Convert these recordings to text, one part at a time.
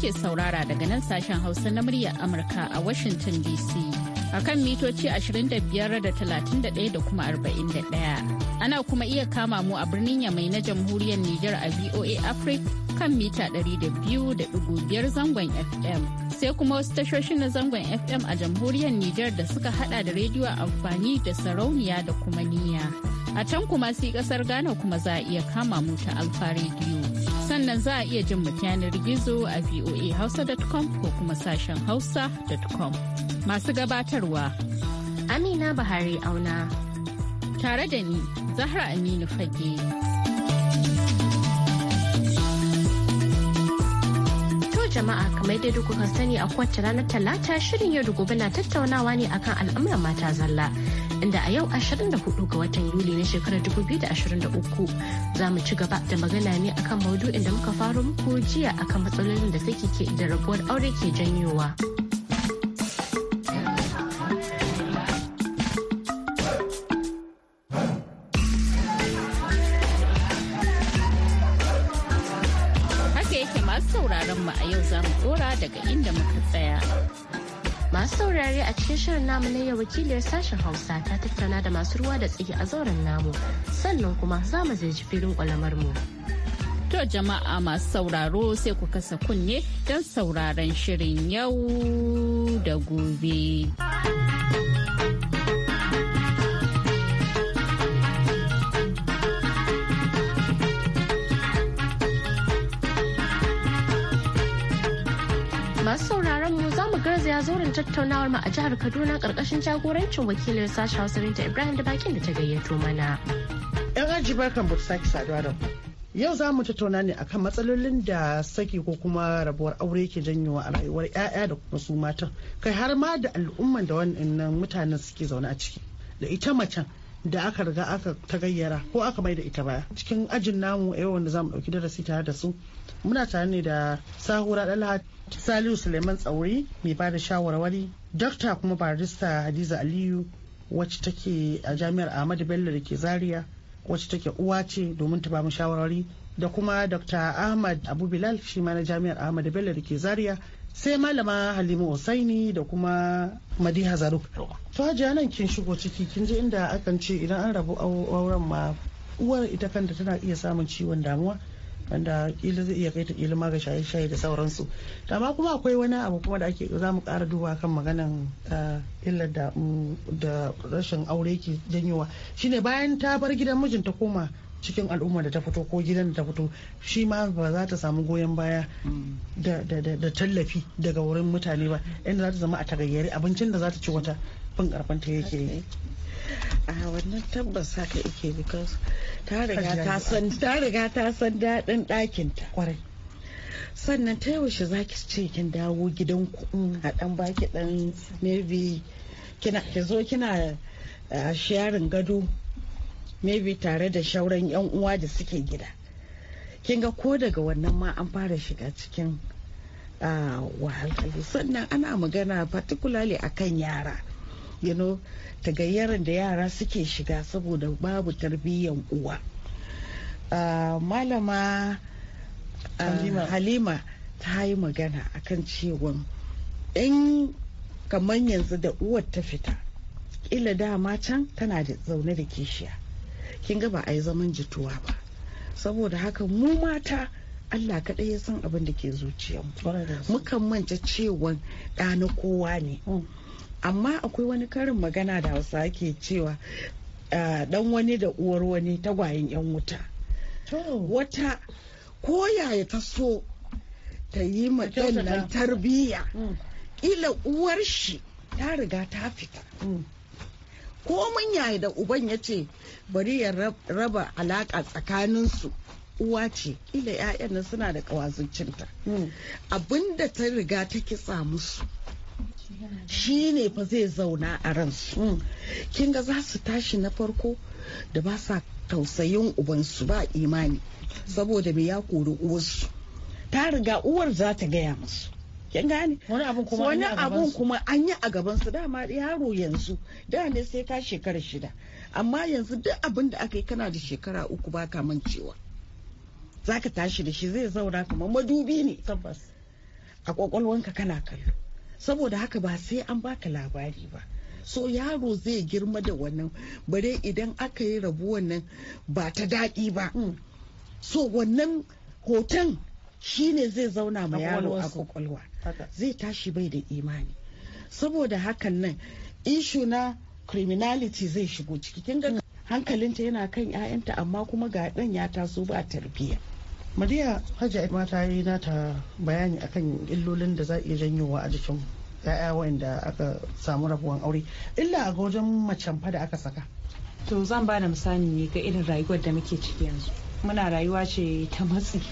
kuke saurara daga nan sashen Hausa na muryar Amurka a Washington DC. A kan mitoci 25 da 31 da kuma 41. Ana kuma iya kama mu a birnin Yamai na Jamhuriyar Nijar a VOA Africa kan mita 200.5 zangon FM. Sai kuma wasu tashoshin na zangon FM a Jamhuriyar Nijar da suka hada da rediyo amfani da sarauniya da kuma niyya. A can kuma sai kasar Ghana kuma za a iya kama mu ta Alfa rediyo. sannan za a iya jin yanar gizo a voahausa.com ko kuma sashen hausa.com. Masu gabatarwa. Amina Bahari Auna. Tare da ni, Zahra Aminu Fage. jama'a kamar dai duk kuka sani a kowace ranar talata shirin yau da gobe na tattaunawa ne akan al'amuran mata zalla inda a yau 24 ga watan Yuli na shekarar 2023 za mu ci gaba da magana ne akan maudu'in da muka faro muku jiya akan matsalolin da take ke da rabuwar aure ke janyowa. sai a cikin shirin namu na yau wakiliyar sashen Hausa ta tattauna da masu ruwa da tsaki a zauren namu sannan kuma za mu ziyarci filin kwalamar mu. To jama'a masu sauraro sai ku kasa kunne don sauraron shirin yau da gobe. shiga tattaunawar mu a jihar Kaduna karkashin jagorancin wakilin sashen Hausa Binta Ibrahim da bakin da ta gayyato mana. Yan aji barkan mu sake saduwa da Yau za mu tattauna ne akan matsalolin da saki ko kuma rabuwar aure ke janyowa a rayuwar 'ya'ya da kuma su mata kai har ma da al'umman da wannan mutanen suke zaune a ciki da ita macen da aka riga aka ta gayyara ko aka mai da ita baya cikin ajin namu a yau wanda za mu ɗauki darasi tare da su muna tare ne da sahura dalha saliu suleiman tsauri mai ba da shawarwari dokta kuma barista hadiza aliyu wacce take a jami'ar ahmadu bello da ke zaria wacce take uwa ce domin ta ba mu shawarwari da kuma dr ahmad abu bilal shi ma na jami'ar ahmadu bello da ke zaria sai malama halima usaini da kuma madiha zaruk to hajiya nan kin shigo ciki kin ji inda akan ce idan an rabu auren ma uwar ita kanta tana iya samun ciwon damuwa wanda kila zai iya kai ta kila maga shaye-shaye da sauransu amma kuma akwai wani abu kuma da ake za mu ƙara duba kan maganan eh, illar da mm, da rashin aure ke janyowa shine bayan ta bar gidan mijinta koma cikin al'umma da ta fito ko gidan da ta fito shi ma ba za ta samu goyon baya mm. da tallafi daga wurin mutane ba inda za ta zama a tagayyari abincin da za ta ci wata fin karfanta yake yi a wannan tabbas haka ike because ta riga ta san ta riga ta san dakin ta kwarai sannan ta yaushe zaki ce kin dawo gidan ku a ɗan baki ɗan maybe kina ki zo kina eh, sharing gado maybe tare da shauran yan uwa da suke gida kin ga ko daga wannan ma an fara shiga cikin ah, wahalhalu sannan ana magana particularly akan yara you know tagayyarin da yara suke shiga saboda babu tarbiyyan uwa uh, malama ah, halima. ta yi magana akan cewa in kamar yanzu da uwar ta fita ila da can tana da zaune da kishiya kin ga ba a yi zaman jituwa ba saboda haka mu mata Allah kaɗai ya san abin da ke zuciyarmu mukan manta cewa ɗa na kowa ne mm. amma akwai wani karin magana da hausa ke cewa ah, dan wani da uwar wani tagwayen yan wuta wata ko yaya ta so ta yi ma nan tarbiyya mm. ila uwar shi ta riga ta fita mm. ko mun yaya da uban ya ce bari ya raba alaƙa tsakaninsu uwa ce ƙila 'ya'yan suna da kawazuncinta mm. abinda ta riga ta kitsa musu shi ne fa zai zauna a ransu hmm. Kinga ga za su tashi na farko da ba sa tausayin ubansu ba imani saboda me ya kori uwarsu ta riga uwar za ta gaya musu kin gane wani abun kuma an yi a gaban su dama yaro yanzu da ne sai ka shekara shida amma yanzu duk abin da aka yi kana da shekara uku ba ka mancewa ka tashi da shi zai zauna kamar madubi ne a kwakwalwanka kana kallo saboda haka ba sai an baka labari ba so yaro zai girma da wannan bare idan aka yi rabu wannan ba ta daɗi ba mm. so wannan hoton shine zai zauna ma yaro a kwakwalwa zai tashi bai da imani saboda hakan nan ishu na criminality zai shigo ciki kin ga mm. hankalinta yana kan 'ya'yanta amma kuma ga ɗan ya taso ba tarbiyya Mariya Hajji ma ta yi nata bayani akan illolin da za iya janyowa a jikin ya'ya waanda aka samu rabuwan aure illa a wajen macen fa da aka saka. To zan ba misali ne ga irin rayuwar da muke ciki yanzu. Muna rayuwa ce ta matsi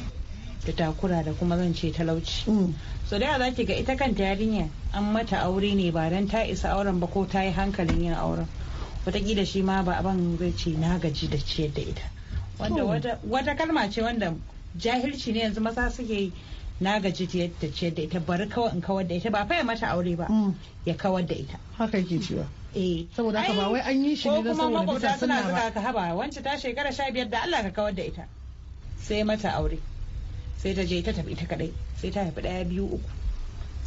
da takura da kuma zan ce talauci. Mm. So da za ki ga ita kanta yarinya an mata aure ne ba dan ta isa auren ba ko ta yi hankalin yin auren. Wataƙila shi ma ba abin zai ce na gaji da ciyar da ita. Wanda wata kalma ce wanda jahilci ne yanzu maza suke yi na gaji ta ce da ita bari kawai in kawar da ita ba fa mata aure ba mm. ya kawar da ita haka yake cewa eh saboda haka ba wai an yi shi ne da saboda bisa suna ba ka haba wance ta shekara sha biyar da Allah ka kawar da ita sai mata aure sai ta je ta tafi ita kadai sai ta haifi daya biyu uku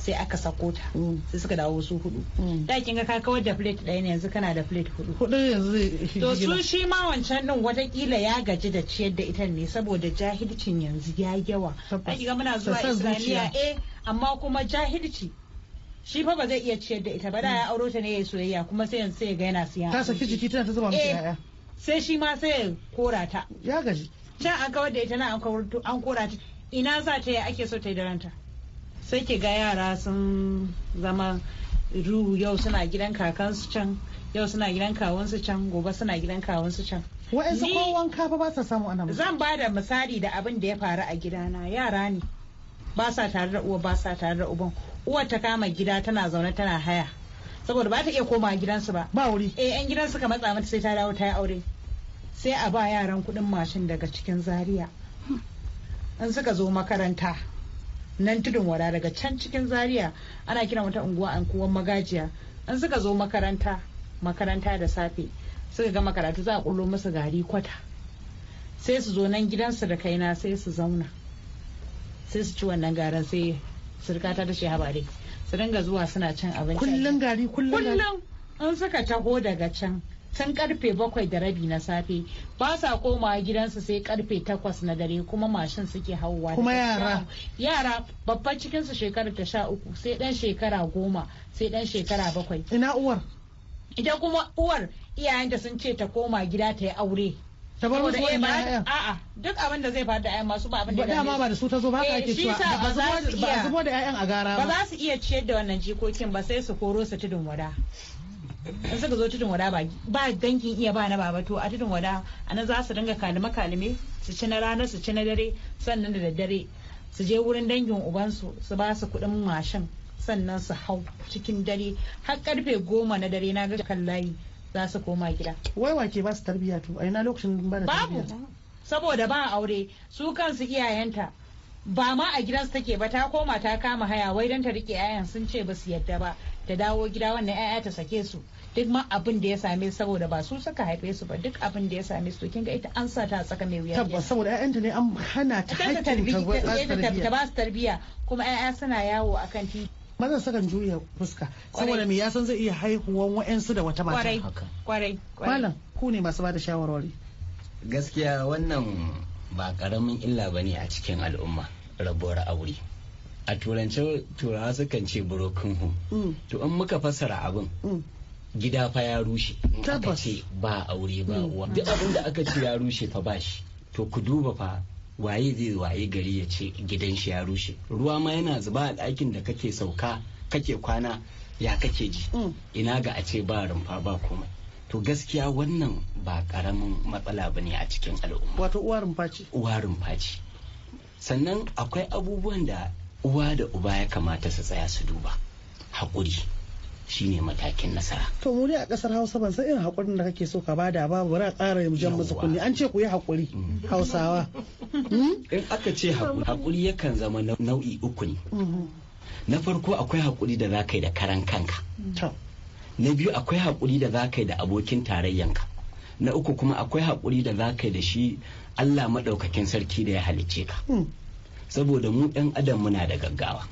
sai aka sako ta mm. sai suka dawo su hudu mm. da kin ga ka kawar da plate ɗaya ne yanzu kana da plate hudu hudu yanzu to su shi ma wancan din watakila ya gaji da ciyar da ita ne saboda jahilcin yanzu ya yawa a ga muna zuwa islamiya eh amma kuma jahilci shi fa ba zai iya ciyar da ita ba da mm. ya auro ta ne ya soyayya kuma sai yanzu sai ga yana siya ta saki jiki tana ta zuba masa eh, yaya sai shi ma sai ya kora ta ya gaji can an kawar da ita na an kora ta ina za ta yi ake so ta yi da ranta sai ki ga yara sun zama ru yau suna gidan kakansu can yau suna gidan kawunsu can gobe suna gidan kawunsu can wa'ansu ko wanka ba ba sa samu ana zan ba da misali da abin da ya faru a gidana yara ne ba sa tare da uwa ba sa tare da uban uwar ta kama gida tana zaune tana haya saboda ba ta iya komawa gidansu ba ba wuri eh yan gidansu ka matsa mata sai ta dawo ta yi aure sai a ba yaran kuɗin mashin daga cikin zaria in suka zo makaranta nan tudun wada daga can cikin zaria ana kiran wata unguwa anguwan magajiya in suka zo makaranta makaranta da safe suka gama karatu za a kullo musu gari kwata sai su zo nan gidansu da kaina sai su zauna sai su ci wannan garin sai surkata ta shehaba dai su dinga zuwa suna cin abinci kullum gari kullum kullum an suka taho daga can tun karfe bakwai da rabi na safe ba sa komawa gidansu sai karfe takwas na dare kuma mashin suke hauwa kuma yara yara babban cikinsu shekarar ta sha uku sai dan shekara goma sai dan shekara bakwai ina uwar ita kuma uwar iyayenta sun ce ta koma gida ta yi aure saboda bar musu eh, a'a duk abin da zai faru da ayan masu ba abin da dama ba da su ta zo ba ka eh, ake cewa ba za su iya zubo da a gara ba ba za su iya ciyar da wannan jikokin ba sai su koro su tudun wada an suka zo tudun wada ba dangin iya ba na baba to a tudun wada a nan za su dinga kalime kalime su ci na rana su ci na dare sannan da daddare su je wurin dangin ubansu su ba su kuɗin mashin sannan su hau cikin dare har karfe goma na dare na ga kan za su koma gida wai wake ba su tarbiya to a ina lokacin ba da babu saboda ba aure su kansu iyayenta ba ma a gidansu take ba ta koma ta kama haya wai don ta rike 'ya'yan sun ce ba su yadda ba ta dawo gida wannan 'ya'ya ta sake su duk ma abin da ya same saboda ba su suka haife su ba duk abin da ya same su kin ga ita an sa ta tsaka mai wuya tabbas saboda ƴaƴanta ne an hana ta haƙƙin ta ba su tarbiya kuma 'ya'ya suna yawo akan titi maza sukan juya fuska saboda me yasan zai iya haihuwan wa'ensu da wata mata kwarai kwarai malam ku ne masu bada shawarwari gaskiya wannan ba ƙaramin illa ba ne a cikin al'umma rabuwar aure a turance turawa sukan ce broken home mm. to in muka fasara abin mm. gida fa ya rushe aka ce ba aure ba mm. uwa duk abin da aka ce ya rushe fa ba shi to ku duba fa waye zai waye gari ya ce gidan shi ya rushe ruwa ma yana zuba a ɗakin da kake sauka kake kwana ya kake ji ina ga a ce ba rumfa ba komai to gaskiya wannan ba karamin matsala ba ne a cikin al'umma wato uwarin faci uwarin faci sannan akwai abubuwan da uwa da uba ya kamata su tsaya su duba haƙuri shine matakin nasara to mu a ƙasar hausa ban san irin haƙurin da kake so ka bada ba bari a ƙara jan musu kunni an ce ku yi haƙuri hausawa hmm? in aka ce haƙuri yakan zama nau'i uku ne mm-hmm. na farko akwai haƙuri da za ka yi da karan kanka na biyu akwai haƙuri da za ka yi da abokin tarayyanka na uku kuma akwai haƙuri da za ka yi da shi allah maɗaukakin sarki da ya halicce ka hmm. saboda mu ɗan adam muna da gaggawa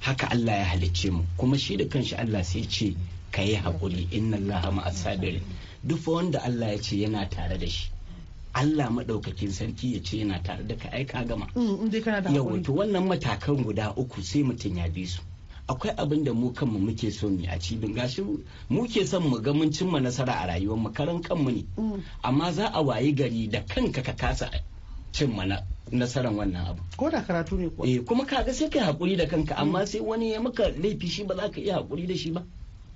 haka allah ya halicce mu kuma shi da kanshi allah sai ce ka yi haƙuri inna allaha ma'as sabirin duk wanda allah ya ce yana tare da shi Allah maɗaukakin sarki ya ce yana tare da ka aika gama. Hmm, Yawa wannan matakan guda uku sai mutum ya bi su. akwai abin da mu kanmu muke so mu a cibin gashi mu ke son mu ga mun cimma nasara a rayuwar mu karan kanmu ne mm. amma za a wayi gari da kanka ka kasa cimma nasaran wannan abu ko da karatu ne kuwa eh kuma ga sai kai hakuri da kanka amma sai wani ya maka laifi shi ba za ka iya hakuri da shi ba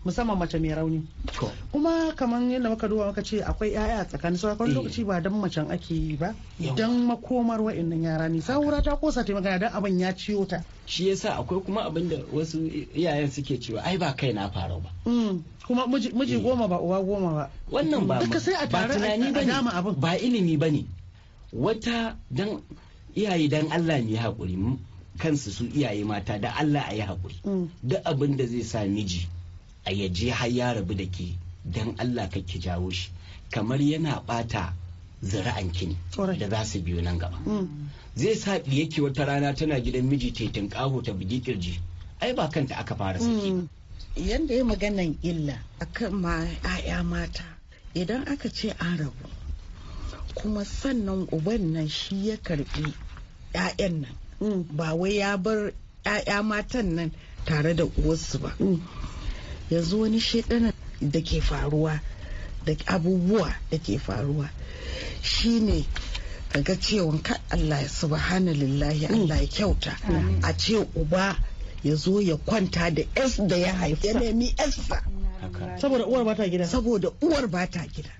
musamman mace mai rauni kuma kamar yadda muka duba muka ce akwai yaya a tsakanin sauran eh. lokaci ba don macen ake yi ba dan makomar wa'annan yara ne saura ta kosa ta magana dan abin ya ciyo ta shi yasa akwai kuma abin da wasu iyayen suke cewa ai ba kai na faru ba mm. kuma miji eh. goma ba uwa goma ba wannan ba duka sai a tare a dama abin ba ilimi ne wata dan iyaye dan Allah ne hakuri kansu su iyaye mata da Allah a yi hakuri mm. duk abin da zai sa miji a yaje har ya rabu da ke don Allah ka ki jawo shi kamar yana bata zira'an kini da za su biyo nan gaba mm. zai sa yake wata rana tana gidan miji tetin kaho ta bugi kirji ai ba kanta aka fara saki mm. yanda ya maganan illa akan ma 'ya'ya mata idan aka ce an rabu kuma sannan uban nan shi ya karbi 'ya'yan nan mm. ba wai ya bar 'ya'ya matan nan tare da uwarsu ba yanzu wani shaidanan da ke faruwa da abubuwa da ke faruwa shine ga cewa ka Allah subhana lillahi mm. Allah ya kyauta a ce uba ya zo ya kwanta da s da ya haifa ya nemi sa saboda uwar bata gida saboda uwar bata gida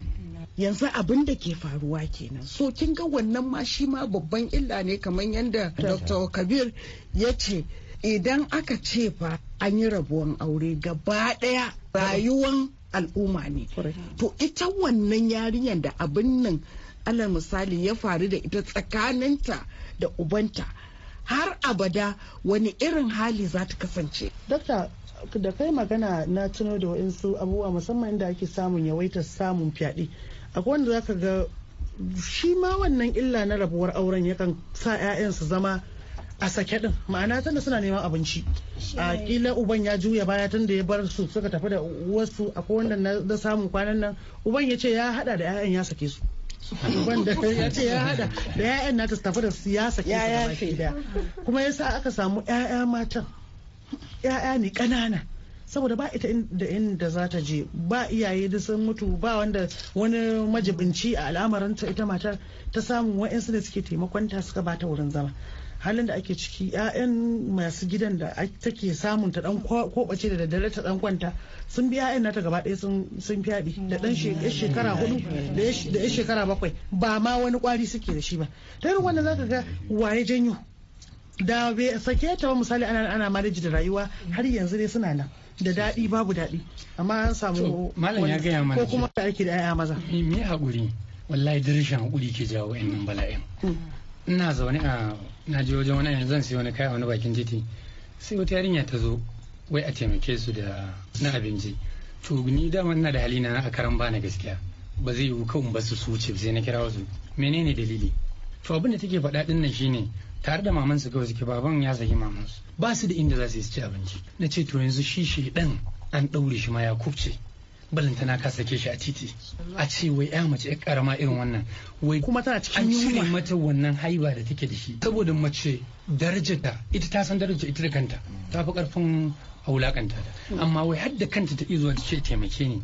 yanzu abin da ke faruwa kenan so kin ga wannan ma shi ma babban illa ne kamar yadda dr kabir ya ce idan aka ce fa an yi rabuwan aure gaba ɗaya rayuwan al'umma ne to ita wannan yarinyar da abin nan alal misali ya faru da ita tsakaninta da ubanta har abada wani irin hali za ta kasance dokta da kai magana na tuno da wa'insu abubuwa musamman inda ake samun yawaitar samun fyaɗe akwai wanda zaka ga shi ma wannan illa na rabuwar auren yakan sa 'ya'yan su zama a sake din ma'ana tunda suna neman abinci a kila uban ya juya baya tun da ya bar su suka tafi da wasu ko wanda na samu kwanan nan uban ya ce ya hada da 'ya'yan ya sake su uban da ya ce ya hada da 'ya'yan na tafi da su ya sake su da kuma yasa aka samu 'ya'ya matan 'ya'ya ne ƙanana saboda ba ita da inda za ta je ba iyaye da sun mutu ba wanda wani majibinci a ta ita matar ta samu wa'insu da suke taimakon ta suka bata wurin zama halin da ake ciki 'ya'yan masu gidan da take samun ta dan kobace da daddare ta dan kwanta sun bi 'ya'yan nata gaba ɗaya sun fyaɗe da dan shekara hudu da ya shekara bakwai ba ma wani kwari suke da shi ba ta irin za ka ga waye janyo da bai sake ta ba misali ana ana manaji da rayuwa har yanzu ne suna nan da daɗi babu daɗi amma an samu malam ya gaya mana ko kuma da ake da 'ya'ya maza me hakuri, wallahi dirishan hakuri ke jawo 'yan nan bala'in mm. ina zaune a naji wajen wani yanzu zan siyo wani kaya wani bakin titi sai wata yarinya ta zo wai a taimake su da na abinci to ni dama ina da halina na a karan bana gaskiya ba zai yiwu kawai ba su suce sai na kira wasu menene dalili to abin da take faɗa ɗin nan shine tare da mamansu kawai suke baban ya saki mamansu ba su da inda za su yi ci abinci na ce to yanzu shi shi ɗan an ɗaure shi ma ya kubce na ka sake shi a titi a ce wai ya mace ya karama irin wannan wai kuma tana cikin yunwa mata wannan haiba da take da shi saboda mace darajarta ita ta san darajar ita da kanta ta fi karfin a wulakanta ta amma wai hadda kanta ta izuwa ce taimake ni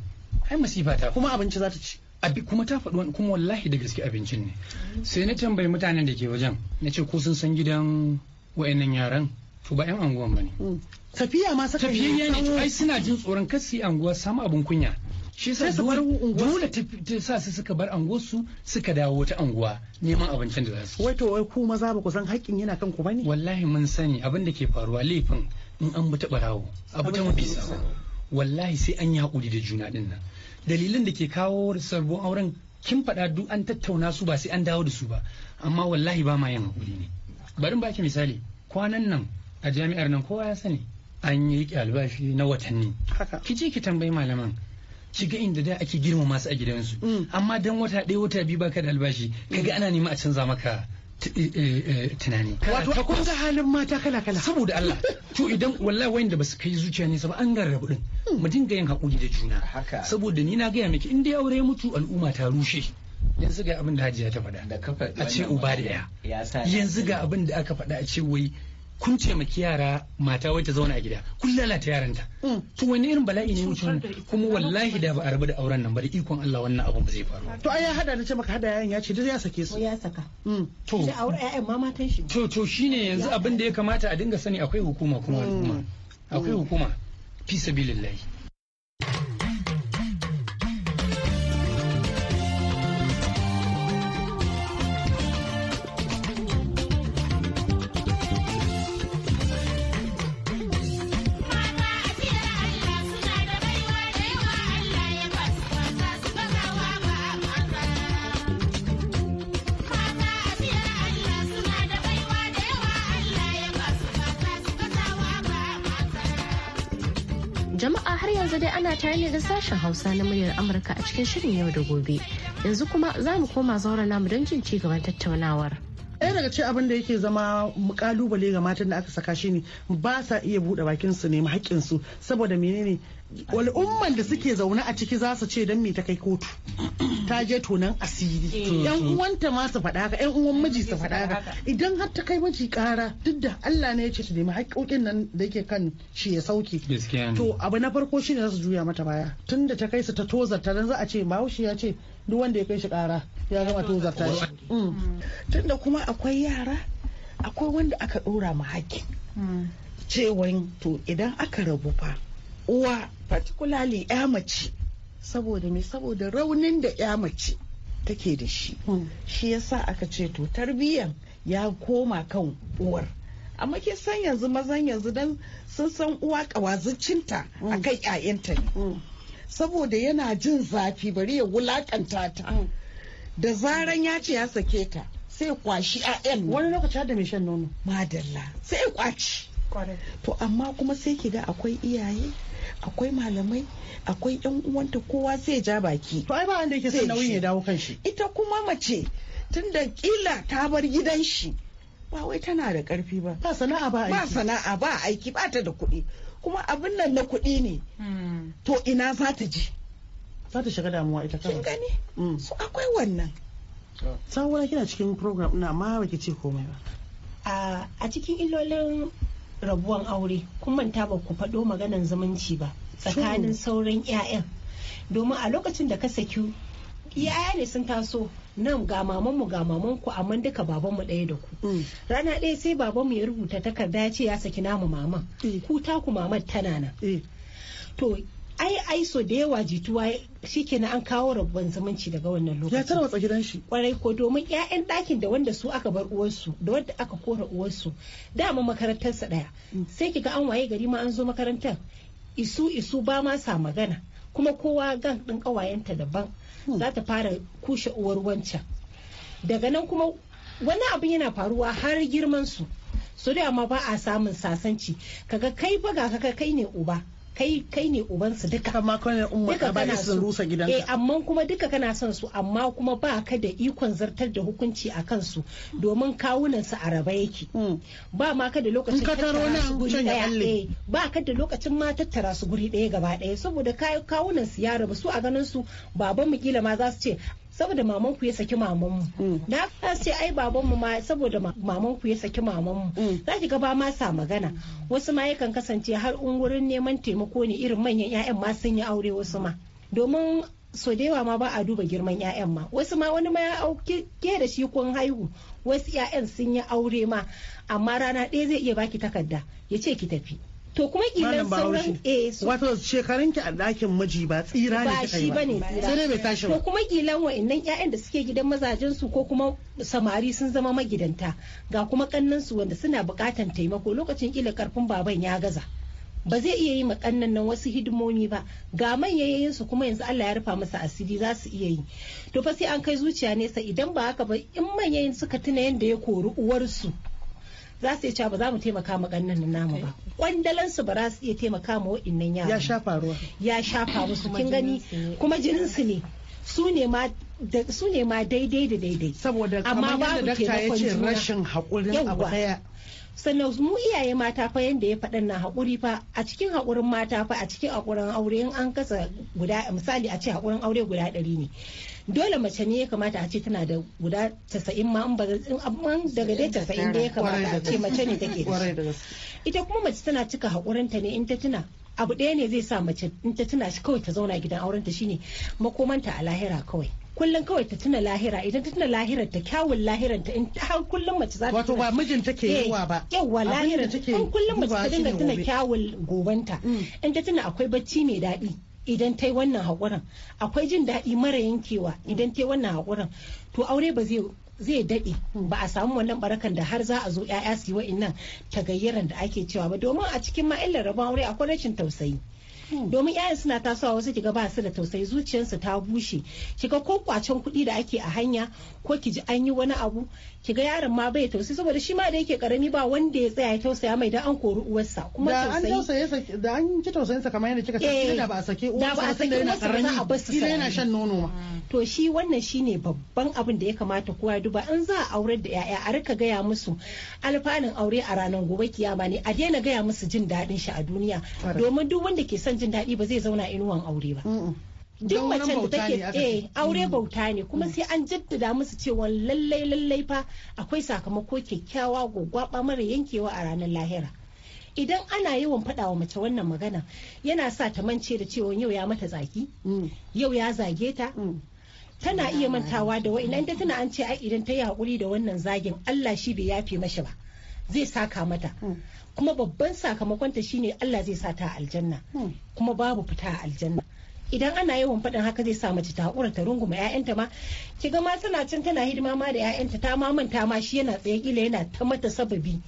ai masifa ta kuma abinci za ta ci kuma ta faɗi wani kuma wallahi da gaske abincin ne sai na tambayi mutanen da ke wajen na ce ko sun san gidan wa'annan yaran to ba yan anguwan ba ne mm. tafiya ma saka tafiya ne ai suna jin tsoron kar anguwa samu abun kunya shi bar dole ta sa su suka bar anguwar su suka dawo ta anguwa neman abincin da za su wai to wai ku maza ba ku san haƙƙin yana kan ku bane wallahi mun sani abin da ke faruwa laifin in an bi ta barawo abu ta mafi sawa wallahi sai an yi hakuri da juna din nan dalilan da ke kawo sabon auren kin faɗa duk an tattauna su ba sai an dawo da su ba amma wallahi ba ma yin haƙuri ne bari baki misali kwanan nan a jami'ar nan kowa ya sani an yi albashi na watanni ki je ki tambayi malaman shiga inda da ake girma masu a gidansu mm. amma dan wata ɗaya wata biyu baka da albashi kaga mm. ana nema a canza maka eh, eh, eh, tunani wato akwai kunga halin mata kala kala saboda Allah to idan wallahi wayanda basu kai zuciya ne ba an garrabu din mm. mu dinga yin hakuri da juna saboda ni na gaya miki in dai aure mutu al'umma ta rushe yanzu ga abin da hajiya ta faɗa a ce uba da ya yanzu ga abin da aka faɗa a ce wai kun ce maki yara mata wai ta zauna a gida kun lalata yaranta mm. to wani irin bala'i ne mutum kuma wallahi da ba a rabu da auren nan ba da ikon Allah wannan abu ba zai faru to ai ya hada na ce maka hada yayan ya ce duk ya sake su ya saka mm. to sai aure yayan ma matan shi to to shine yanzu abin da ya kamata a dinga sani akwai hukuma kuma mm. akwai hukuma fi sabilillahi kuna tare ne da sashen Hausa na muryar Amurka a cikin shirin yau da gobe. Yanzu kuma za mu koma zauren namu don jin ci gaban tattaunawar. ɗaya daga ce abin da yake zama kalubale ga matan da aka saka shi ne ba sa iya buɗe bakin su ne haƙƙin su saboda menene al'umman da suke zaune a ciki za su ce don me ta kai kotu ta je tonan asiri eh. yan uwanta ma su faɗa haka yan uwan miji su faɗa haka idan har ta kai miji ƙara duk da Allah ne ya ce ta nemi haƙƙoƙin nan da yake kan shi ya sauke to abu na farko shine za su juya mata baya tunda ta kai su ta tozarta dan za a ce bahaushe ya ce duk wanda ya kai shi ƙara ya tozarta shi mm. tunda kuma akwai yara akwai wanda aka dora ma hakkin mm. cewan to idan aka rabu fa uwa particularly ya mace saboda me saboda raunin da ya mace take da shi mm. shi yasa aka ce to tarbiyyan ya koma kan uwar amma ke san yanzu mazan yanzu dan sun san uwa kawazucinta a kai 'ya'yanta ne saboda yana jin zafi bari ya wulakanta ta da zaran ya ce ya sake ta sai kwashi yan wani lokaci da mai shan nono madalla sai kwaci to amma kuma sai ki ga akwai iyaye akwai malamai akwai yan uwanta kowa sai ja baki to ai ba wanda yake son nauyin ya dawo kan shi ita kuma mace tun da kila ta bar gidan shi ba wai tana da karfi ba ba sana'a ba aiki ba sana'a ba aiki ba ta da kuɗi kuma abin nan na kuɗi ne hmm. to ina za ta je za ta shiga damuwa ita kawai kin gani mm. so akwai wannan oh. sabuwa kina cikin program na ma baki ce komai ba a cikin illolin rabuwan aure kun manta ba ku faɗo maganan zumunci ba tsakanin sauran 'ya'yan domin a lokacin da ka saki yaya ne sun taso nan ga mamanmu ga mamanku amma duka babanmu ɗaya da ku mm. rana ɗaya sai babanmu ya rubuta takarda ya ce ya saki namu maman eh. ku taku maman tana nan eh. to ai ai so da yawa jituwa na an kawo rabon zumunci daga wannan lokaci ya tara tarwatsa gidan shi kwarai ko domin ƴaƴan ɗakin da wanda su aka bar uwarsu da wanda aka kora uwarsu dama makarantarsa ɗaya mm. sai kiga an waye gari ma an zo makarantar isu isu ba ma sa magana kuma kowa gan ɗin kawayenta daban mm. za ta fara kushe uwar wancan daga nan kuma wani abin yana faruwa har girman su so da ba a samun sasanci kaga kai baga kaga kai ne uba kai kai ne ubansu duka amma kana umma ba su rusa gidanka eh amma kuma duka kana son su amma kuma ba ka da ikon zartar da hukunci a kansu hmm. domin kawunan su a yake hmm. ba ma ka da lokacin tattara su guri daya eh, ba ka da lokacin ma tattara su guri daya gaba daya saboda kawunan su ya raba su a ganin su baban mu kila ma za su ce saboda maman ku ya saki mamanmu mu mm. da sai ai baban ma saboda maman ku ya saki maman mu mm. za ki ga ba ma sa magana wasu ma yakan kasance har ungurin neman taimako ne irin manyan ƴaƴan ma sun yi aure wasu ma domin so da yawa ma ba a duba girman 'ya'yan ma wasu ma wani ma ya auke da shi kun haihu wasu 'ya'yan sun yi aure ma amma rana ɗaya zai iya baki takarda ya ce ki tafi to kuma kilan sauran eh wato shekarun ki a dakin miji ba tsira ne ba shi bane sai bai tashi to kuma kilan wa'annan ƴaƴan da suke gidan mazajen su ko kuma samari sun zama magidanta ga kuma kannan su wanda suna bukatan taimako lokacin kila karfin baban ya gaza ba zai iya yi ma kannan nan wasu hidimomi ba ga manyan su kuma yanzu Allah ya rufa masa asiri za su iya yi to fa sai an kai zuciya nesa idan ba haka ba in manyan suka tuna yadda ya kori uwarsu za su iya cewa ba za mu taimaka ma kannan nan namu ba kwandalan ba za su iya taimaka ma wa'annan yara ya shafa ruwa ya shafa musu kin gani kuma jinin ne su ne ma su ne ma daidai da daidai saboda amma babu ya ce rashin hakurin abu daya sannan mu iyaye mata fa yanda ya faɗin na haƙuri fa a cikin haƙurin mata fa a cikin haƙurin aure in an kasa guda misali a ce haƙurin aure guda ɗari ne dole mace ne ya kamata a ce tana da guda casa'in ma amma daga dai casa'in da ya kamata a ce mace ne take da ita kuma mace tana cika haƙurinta ne in ta tuna abu ɗaya ne zai sa mace in ta tuna shi kawai ta zauna gidan aurenta shine makomanta a lahira kawai kullum kawai ta tuna lahira idan ta tuna lahirar ta kyawun lahirar ta in har kullum mace za ta wato ba mijin eh, take yiwa ba yawa lahirar ta in kullum mace ta dinga tuna kyawun gobanta mm. in ta tuna akwai bacci mai daɗi idan ta yi wannan haƙurin akwai jin daɗi mara yankewa idan ta yi wannan haƙurin to aure ba zai zai daɗe ba a samu wannan barakan da har za a zo 'ya'ya su yi wa'innan tagayyaran da ake cewa ba domin a cikin ma rabon aure akwai rashin tausayi domin yayan suna tasowa wasu kiga ba su da tausayi zuciyarsu ta bushe kiga ko kwacen kuɗi da ake a hanya ko ki ji an yi wani abu ki ga yaron ma bai tausayi saboda shi ma da yake karami ba wanda ya tsaya ya tausaya mai da an kori uwarsa kuma tausayi da an ki tausayin sa kamar yadda kika ce eh, da ba a sake uwarsa ba da yana karami shi yana shan nono ma to shi wannan shine babban abin da ya kamata kowa duba an za a aurar da yaya a rika gaya musu alfanun aure a ranar gobe kiyama ne a daina gaya musu jin daɗin shi a duniya domin duk wanda ke son jin daɗi ba zai zauna inuwan aure ba duk macen da take eh aure hmm. bauta ne kuma hmm. sai an jaddada musu cewa lallai lallai fa akwai sakamako kyakkyawa gogwaba mara yankewa a ranar lahira idan ana yawan faɗa wa mace wannan magana yana sa ta mance da cewa yau ya mata zaki hmm. yau ya zage ta tana iya mantawa da wa'ina inda tana an ce ai idan ta yi hakuri da wannan zagin Allah shi bai yafe mashi ba zai saka mata kuma babban sakamakonta shine Allah zai sata ta aljanna kuma babu fita a aljanna idan ana yawan faɗin haka zai sa mace ta haƙura ta runguma 'ya'yanta ma ki ga ma tana can tana hidima ma da 'ya'yanta ta ma manta ma shi yana tsaye kila yana ta mata sababi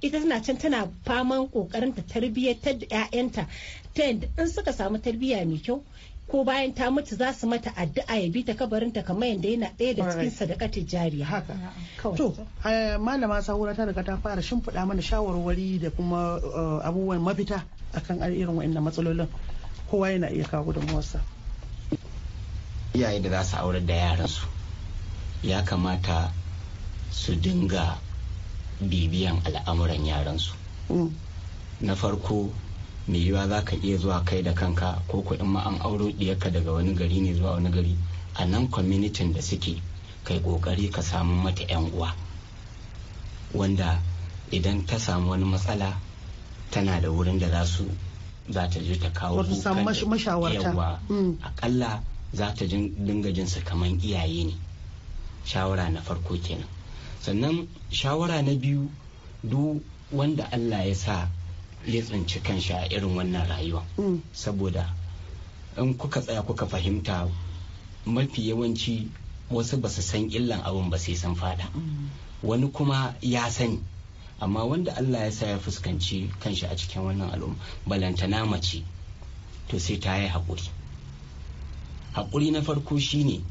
ita tana can tana faman kokarin ta tarbiyyatar da 'ya'yanta ta yadda in suka samu tarbiyya mai kyau ko bayan ta mutu za su mata addu'a ya bi ta kabarinta kamar yadda yana ɗaya da cikin ta jariya. Haka. To, eh, malama sahura ta riga ta fara shimfiɗa mana shawarwari da kuma eh, abubuwan mafita akan irin waɗannan matsalolin. kowa yana iya kawo gudunmawarsa iyaye da za su aure da yaransu ya kamata su dinga bibiyan al'amuran yaransu mm. na farko mai yiwa za ka iya zuwa kai da kanka ko ko in ma an auro diyarka daga wani gari ne zuwa wani gari a nan kwamitin da suke kai ƙoƙari ka samu mata 'yan uwa wanda idan ta samu wani matsala tana da wurin da za su za ta je ta kawo yawa hmm. akalla za ta dinga jinsa kamar iyaye ne shawara na farko kenan sannan shawara na biyu duk wanda allah ya sa ya tsinci kanshi a irin wannan rayuwa hmm. saboda in kuka tsaya kuka fahimta mafi yawanci wasu ba su san illan abin ba sai san fada hmm. wani kuma ya sani amma wanda Allah ya sa ya fuskanci kanshi a cikin wannan al'umma balantana mace to sai ta yi haƙuri haƙuri na farko shine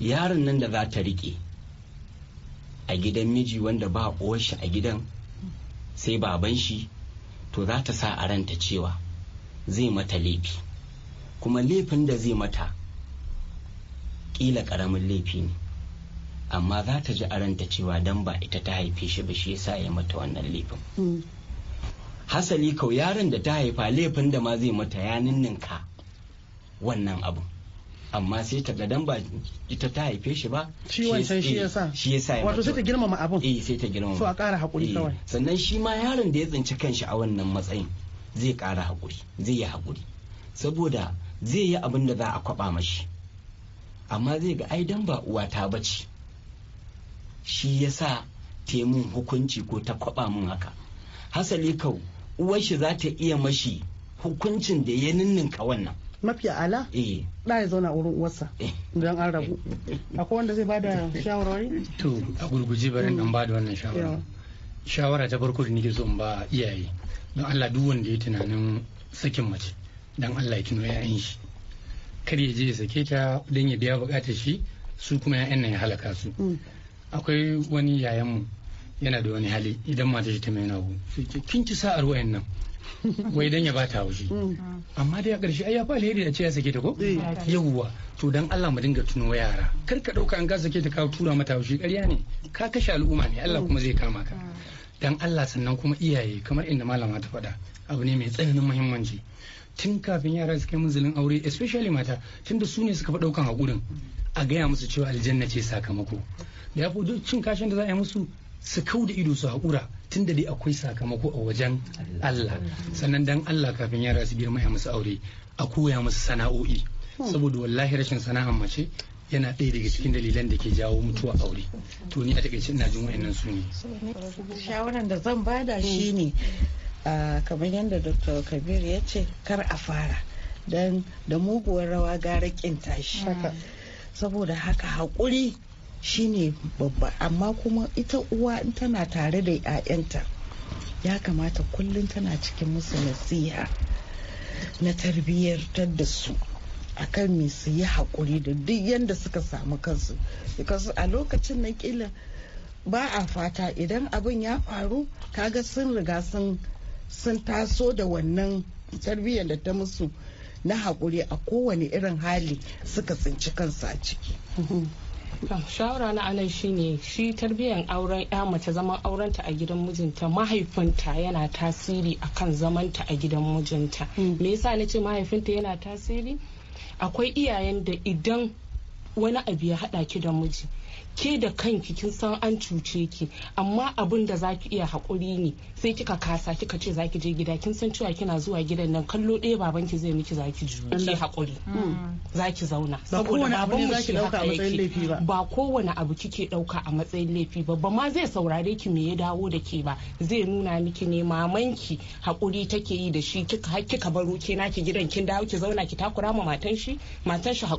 yaron nan da za ta riƙe a gidan miji wanda ba shi a gidan sai baban shi to za ta sa a ranta cewa zai mata laifi kuma laifin da zai mata ƙila ƙaramin laifi ne amma za ta ji a ta cewa dan ba ita ta haife shi ba shi yasa ya mata wannan laifin hmm. hasali kau yaron da ta haifa laifin da ma zai mata ya ninninka wannan abu amma sai ta ga dan ba ita ta haife shi ba shi wancan shi eh, yasa shi yasa wato sai ta girmama abun eh sai ta girmama so a ƙara hakuri eh, kawai sannan shi ma yaron da ya tsinci kanshi a wannan matsayin zai ƙara hakuri zai yi hakuri saboda zai yi abin da za a kwaba mashi amma zai ga ai dan ba uwa ta bace shi ya sa taimun hukunci ko ta kwaba mun haka hasali kau uwar shi za ta iya mashi hukuncin da ya ninninka wannan mafi ala eh. da ya zauna wurin uwarsa eh. don an rabu akwai wanda zai bada shawarwari to a gurguje bari ba bada wannan shawara shawara ta farko da nake so in ba iyaye don Allah duk wanda ya tunanin sakin mace Don Allah ya tuno yayan shi kar ya je ya sake ta don ya biya bukatar shi su kuma yayan nan ya halaka su mm. akwai wani yayanmu yana da wani hali idan mata shi ta mai nagu kin ci sa'ar wayan nan wai dan ya bata haushi mm. amma dai a ƙarshe ai ya fa alheri da ce ya sake ta ko eh. yawwa to dan Allah mu dinga tuno yara kar ka ɗauka an ka sake ta ka tura mata haushi ƙarya ne ka kashe al'umma ne Allah kuma zai kama ka mm. dan Allah sannan kuma iyaye kamar inda malama ta faɗa abu ne mai tsananin muhimmanci tun kafin yara su kai munzalin aure especially mata tunda su ne suka fi ɗaukan haƙurin a gaya musu cewa aljanna ce sakamako da ya fudu duk cin kashin da za a yi musu su kau da ido su haƙura tun da dai akwai sakamako a wajen Allah sannan dan Allah kafin yara su girma ya musu aure a koya musu sana'o'i saboda wallahi rashin sana'a mace yana ɗaya daga cikin dalilan da ke jawo mutuwa aure to ni a takaice ina jin wayannan su ne shawaran da zan bada shine kamar yadda dr kabir ya ce kar a fara don da muguwar rawa gara ƙin tashi saboda haka haƙuri shine babba amma kuma ita uwa in tana tare da 'ya'yanta ya kamata kullum tana cikin musu nasiha na tarbiyyartar da su akan me su yi haƙuri da duk yadda suka samu kansu because a lokacin na kila ba a fata idan abin ya faru kaga sun riga sun taso da wannan tarbiyyar da ta musu na haƙuri a kowane irin hali suka tsinci kansu a ciki shawara na anan shi ne shi tarbiyyar auren ya mace zaman aurenta a gidan mijinta mahaifinta yana tasiri akan zamanta a gidan mijinta mm. me yasa nace mahaifinta yana tasiri akwai iyayen da idan wani abu ya hada ki da miji ke da kanki kin san an cuce ki amma abin da zaki iya hakuri ne sai kika kasa kika ce zaki je gida kin san cewa kina zuwa gidan nan kallo ɗaya babanki zai miki zaki Kin ki haƙuri hmm. zaki zauna saboda baban mu shi matsayin laifi ba Ba kowane abu kike ɗauka a matsayin laifi ba ba ma zai saurare ki me ya dawo da ke ba zai nuna miki ne mamanki haƙuri take yi da shi kika kika baro ke naki gidan kin dawo ki zauna ki takura ma matan shi matan shi ta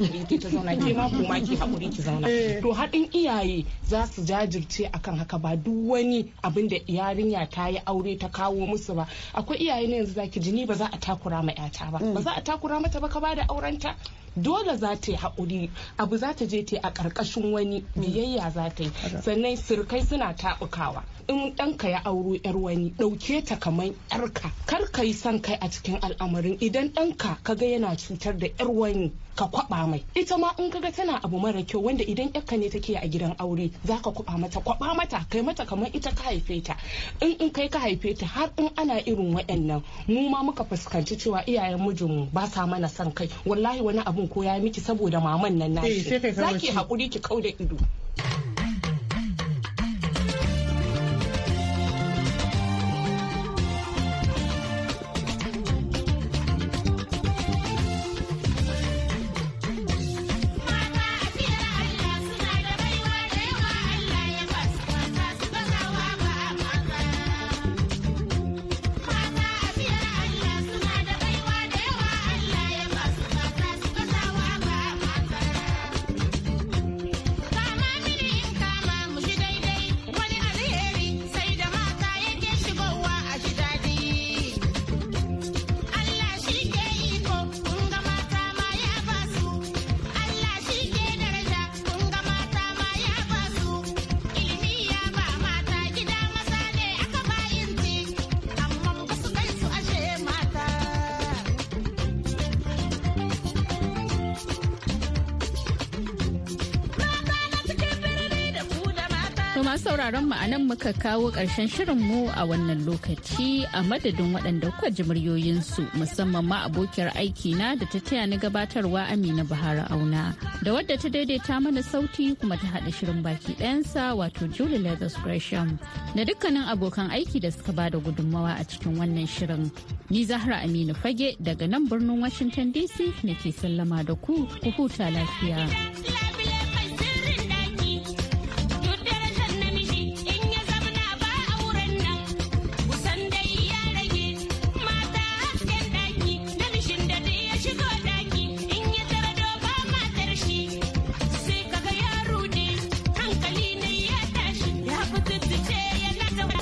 zauna ke ma kuma ki hakuri ki zauna eh. to haɗin iyaye za su jajirce akan haka ba duk wani abin da yarinya ta yi aure ta kawo musu ba akwai iyaye ne yanzu zaki ji ni ba za a takura ma 'yata ba ba za a takura mata ba ka ba da aurenta dole za ta yi haƙuri abu za ta je ta a ƙarƙashin wani biyayya za ta yi sannan sirkai suna taɓukawa in ɗanka ya auro yar wani ɗauke ta kamar yarka kar ka yi son kai a cikin al'amarin idan ɗanka ka ga yana cutar da yar wani ka kwaɓa mai ita ma in kaga tana abu mara kyau wanda idan yarka ne take a gidan aure za ka kwaɓa mata Kwaɓa mata kai mata kamar ita ka haife ta in in kai ka haife ta har in ana irin waɗannan mu ma muka fuskanci cewa iyayen mijinmu ba sa mana son kai wallahi wani abu abin ko ya miki saboda maman nan eh, nashi zaki hakuri ki da ido To masu sauraron mu a muka kawo ƙarshen mu a wannan lokaci a madadin waɗanda kuka ji muryoyinsu musamman ma abokiyar aiki na da ta taya ni gabatarwa Amina Bahara Auna da wadda ta daidaita mana sauti kuma ta haɗa shirin baki ɗayansa wato Julie Leathers Gresham da dukkanin abokan aiki da suka bada gudunmawa a cikin wannan shirin. Ni Zahra Aminu Fage daga nan birnin Washington DC nake sallama da ku ku huta lafiya.